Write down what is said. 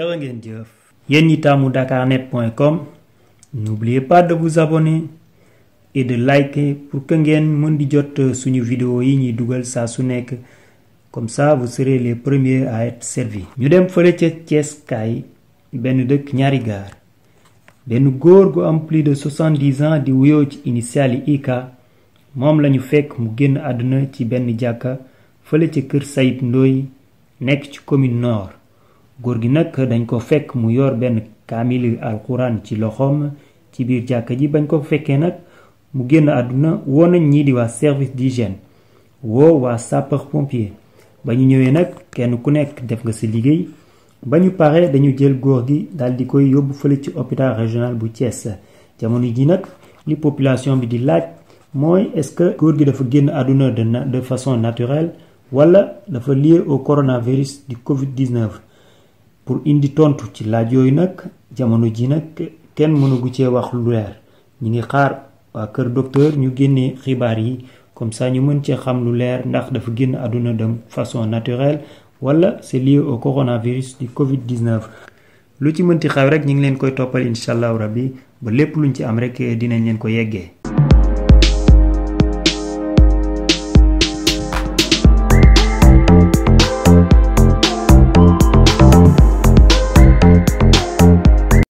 jërë ngeen jëf yéen ñi taamu dakarnet.com n'oubliez pas de vous abonner et de liker pour que ngeen mën di jot suñu video yi ñuy dugal saa su nekk comme ça vous serez les premiers à être servis. ñu dem fële ca Thiès kaay benn dëkk ñaari gaar benn góor gu am plus de soixante-dix ans di wuyoo ci initiali Ika moom lañu fekk mu génn àdduna ci benn jàkka fële ca kër Sayid Ndoy nekk ci commune nord. góor gi nag dañ ko fekk mu yor benn kaamil alquran ci loxoom ci biir jàkka ji bañ ko fekkee nag mu génn àdduna woo nañ ñii di waa service d'hygiène woo waa sapeur pompier ba ñu ñëwee nag kenn ku nekk def nga sa liggéey ba ñu paree dañu jël góor gi daal di koy yóbbu fële ci hôpital régional bu Thiès jamono ji nag li population bi di laaj mooy est-ce que góor gi dafa génn àdduna de de façon naturelle wala dafa lié au coronavirus du Covid-19 pour indi tontu ci laaj yooyu nag jamono ji nag kenn mënagu cee wax lu leer ñi ngi xaar waa kër docteur ñu génnee xibaar yi comme ça ñu mën cee xam lu leer ndax dafa génn àdduna dem façon naturelle wala c'est lié au coronavirus du Covid 19. lu ci mënti xaw rek ñu ngi leen koy toppal incha allahu rabbi ba lépp luñ ci am rek dinañ leen ko yeggee.